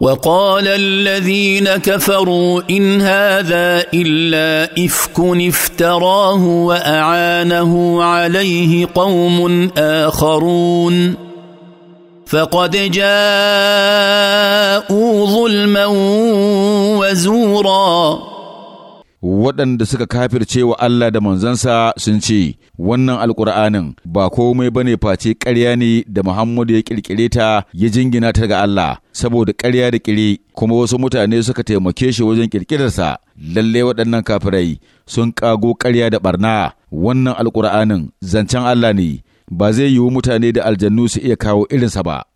وقال الذين كفروا ان هذا الا افك افتراه واعانه عليه قوم اخرون فقد جاءوا ظلما وزورا waɗanda suka kafirce wa Allah da manzansa sun ce, Wannan Alƙur'anin ba komai ba ne face ƙarya ne da Muhammadu ya ƙirƙire ta ya jingina ta ga Allah, saboda ƙarya da ƙiri kuma wasu mutane suka taimake shi wajen ƙirƙirarsa. Lalle waɗannan kafirai sun ƙago ƙarya da ɓarna, wannan Alƙur'anin zancen Allah ne, ba zai yiwu mutane da aljannu su iya kawo irinsa ba.